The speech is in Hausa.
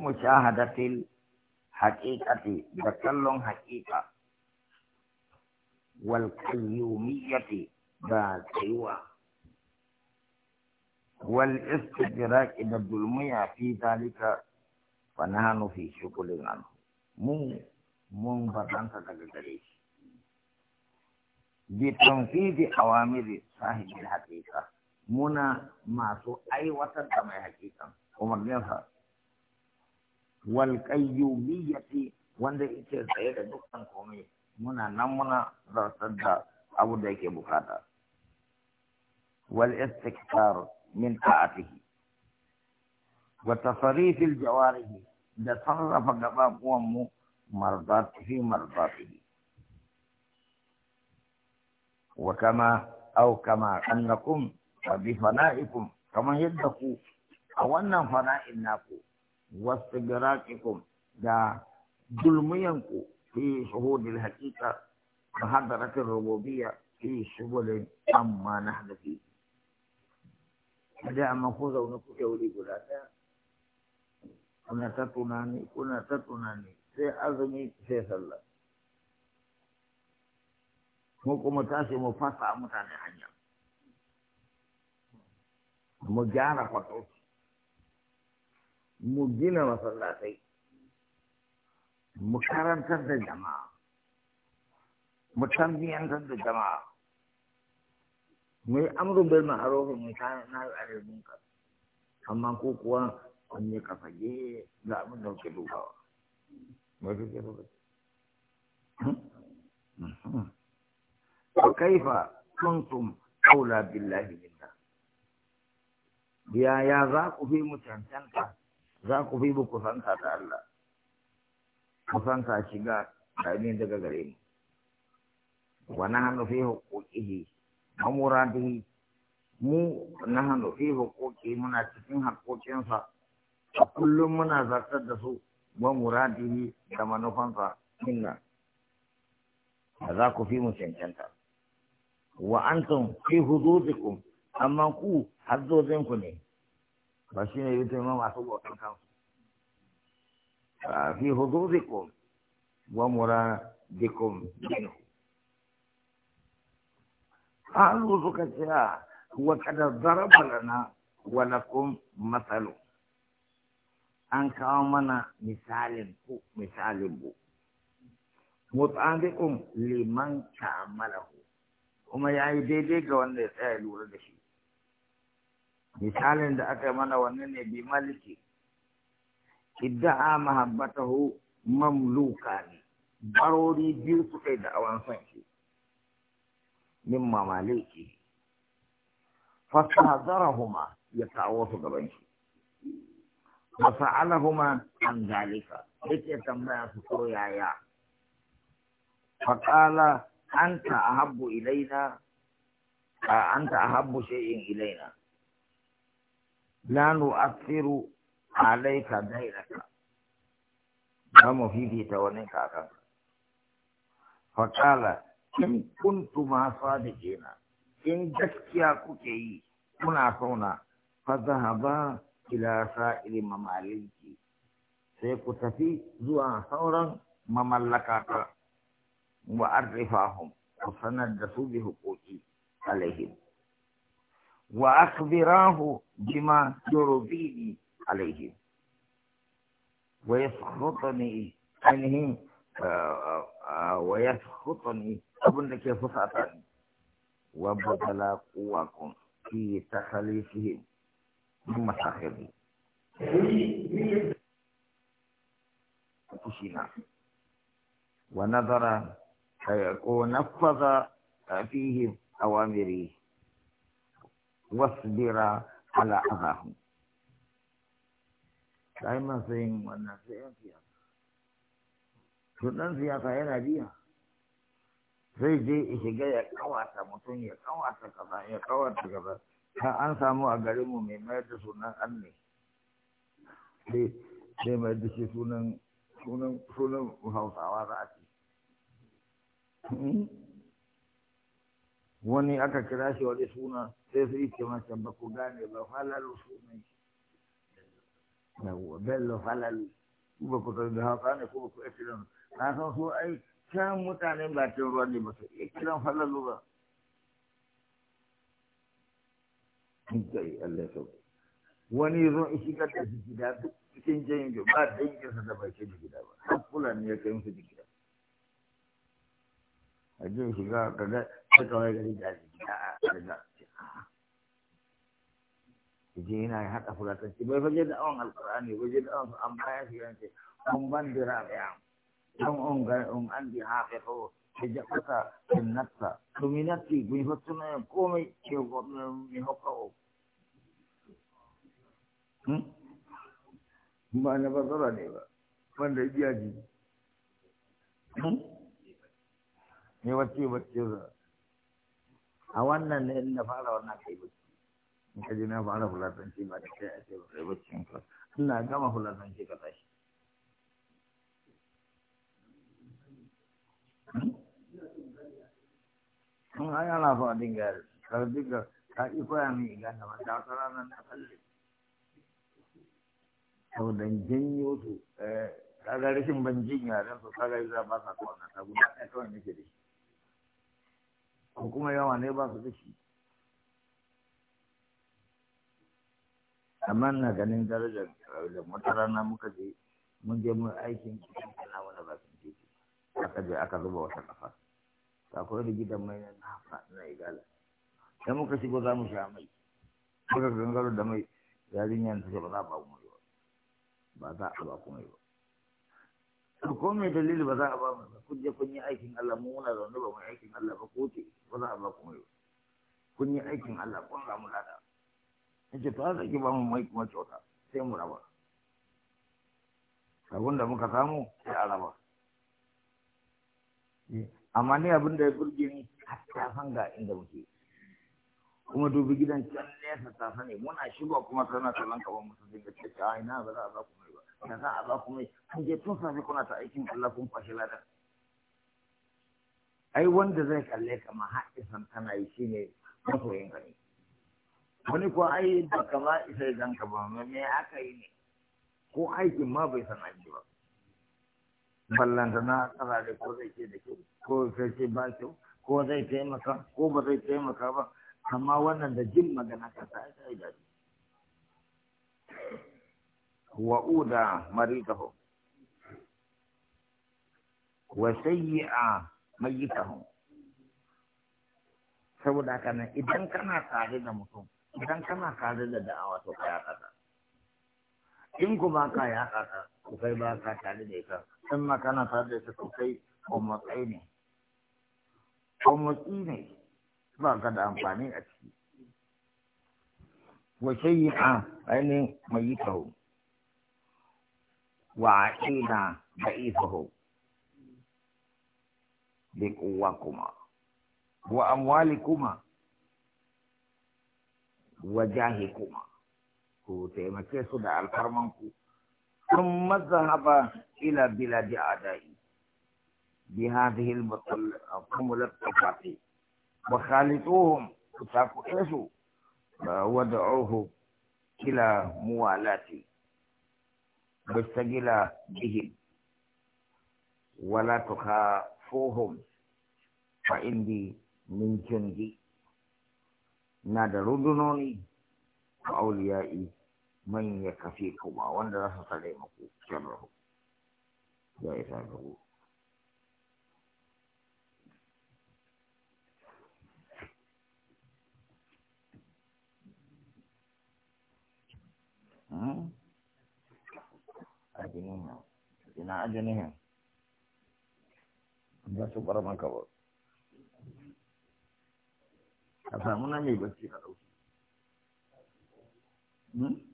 mujahadatil haqiqati da kallon haqiqa wal qayyumiyyati da tsayuwa wal istidrak da dulmiya fi zalika fa nahnu fi shughulin anhu mun mun baranta daga gare shi bi tanfidi awamiri sahibil haqiqa muna masu aiwatar da mai haqiqan umarninsa wal qayyumiyyati wanda yake tsaye da dukkan komai muna nan muna zartar da abu da yake bukata wal istikthar min ta'atihi wa tasarif jawarihi da sarrafa gaba kuwan mu marzatihi marzatihi wa kama au kama annakum wa bi fana'ikum kamar yadda ku a wannan fana'in naku واستغراقكم دا ظلمينكم في شهود الحقيقة وحضرة الربوبية في شغل أما نحن فيه هذا مأخوذ ونكو يولي بلاتا kuna ta tunani kuna ta tunani sai azumi sai sallah mu kuma tashi mu fasa mutane hanya mu gyara kwatoci mu gina masallatai mu karantar da jama'a mu tambiyantar da jama'a mu yi amurin bil ma'arufin mu ta na arzikin ka amma ko kuwa an yi ge ga abin da kuke dubawa mu kuke dubawa وكيف كنتم أولى بالله ya يا يا ذاك في متنتنك za ku bi ku fanka ta Allah kusanta shiga ainihin daga gare mu wa hannu fi huquqihi wa muradihi mu hannu fi huquqi muna cikin hakokinsa, a kullum muna zartar da su wa muradihi da manufansa inna. da za ku fi mu cancanta wa antum fi hududikum amma ku hazzozinku ne ba shi ne yutun ma masu bautan kansu fi hududikum wa muradikum minhu قالوا زكتا وقد ضرب لنا ولكم مثل an kawo mana misalin ku misalin bu mutsandiƙun liman kamalahu kuma ya yi daidai ga wanda ya tsaya lura da shi misalin da aka yi mana wannan ne bi maliki idda'a mahabbatahu mamluka ne barori biyu su kai da awan son shi min mamaliki fasahazarahuma ya kawo su gaban shi fasa'alahuma an zalika yake tambaya su ko yaya faƙala anta ahabbu ilaina anta ahabbu shay'in ilaina la nu'athiru alayka dairaka ba mu fifita wani kakan fa qala in kuntuma sadiqina in gaskiya kuke yi kuna sauna fa zahaba ila sa'iri mamaliki sai ku tafi zuwa sauran mamallaka ta wa arifahum ku sanar da su bi hukuki alaihim وأخبراه بما يرضيني عليه ويسخطني عنه آه، آه، ويسخطني أبنك فسعتني وبطل قواكم في تخليفهم ثم مساخري ونظر آه، ونفذ فيهم أوامري wasbira ala dai kai sai in wannan sai in siyasa sunan dan siyasa yana biya zai je shiga ya kawata mutum ya kawata kaza ya kawata kaza ta an samu a garinmu mai mayar da sunan an ne sai mai da shi sunan sunan hausawa za a ce wani aka kira shi wani suna sai su yi ce masa ba ku gane ba falalu sunan shi yawwa bello falalu ku ba ku san da ne ko ba ku iya na san so ai can mutanen bakin ruwa ne ba su iya kiran falalu ba wani zo in shigar da su gida duk cikin janyo ba danginsa da bai kai gida ba Hakula fulani ya kai musu gida a jin shiga kaga aka wai gari da gida a riga je yana ya haɗa fulatanci bai faje da awon alkur'ani waje da awon an baya shi yanke an ban dira ɗaya an on ga on an bi hafi? ko ke jakata in natta dominati hotu na komai ke mi hokka o hmm? ba na ne ba wanda biya ji hmm? ne wacce wacce a wannan ne na fara wannan kai bacci in ka je na fara fulatanci ba da kai a ce ba kai bacci ka ina gama fulatanci ka tashi in hmm? hmm, ai ana fa dinga kar dinga ka yi koya min iga na ma da wata ranar na kalle sau da janyo su eh, kaga rashin ban jinya don su kaga yi za ba sa kawo na ta guda ɗaya kawai nake da shi ko kuma yawa ne ba su da shi amma na ganin darajar da mutara rana muka je mun je mun aikin cikin kana wani ba sun titi aka je aka zuba wata kafa ta kuma da gidan mai na hafa na igala sai muka shigo za mu sha mai muka gangaro da mai yarinyar ta ce ba za a ba mu ba za a ba kuma ba ko me dalili ba za a ba mu ba kun je kun yi aikin Allah mu muna zaune ba mu aikin Allah ba ko ce ba za a ba ku mai kun yi aikin Allah kun mu lada nace to za ki ba mu mai kuma kyauta sai mu raba abin da muka samu sai a raba eh, amma ne abin da ya burge ni hatta san ga inda muke kuma dubi gidan can nesa ta sani muna shigo kuma tana kallon kaman musu sai ka ina ba za a ba ku mai da za a ba ku mai kun je tun safe kuna ta aikin Allah kun kwashe lada ai wanda zai kalle ka ma har isan tana yi shine masoyin ka ne wani ko ai ba ka ma isa ya ganka ba me aka yi ne ko aikin ma bai san aiki ba ballanta na tsara da ko zai ce da kyau ko zai ce ba kyau ko zai taimaka ko ba zai taimaka ba amma wannan da jin magana ka ta aika da وأودى مريضه وسيئ ميته saboda haka nan idan kana tare da mutum idan kana tare da da'awa to ka yaɗa ka in ku ba ka yaɗa ka ku kai ba ka tare da ita in ma kana tare da ita ku kai kwamatsai ne kwammatsi ne ba ka da amfani a ciki wa shayyi'a ainihin mai yi وعائلنا بعيثه بقواكما وأموالكما وجاهكما هو تيما كيسو دعا ثم ذهب إلى بلاد أعدائي بهذه القمولة الفاتحة وخالطوهم كتاكو إيسو ودعوه إلى موالاتي مستجلا بهم ولا تخافوهم فإني من جندي نادى ردنوني فأوليائي من يكفيكما وأن لا تطلعكم شره يا الله nihin ina ajo nihin ba su bar maka ba mai bacci ka dauki hmm?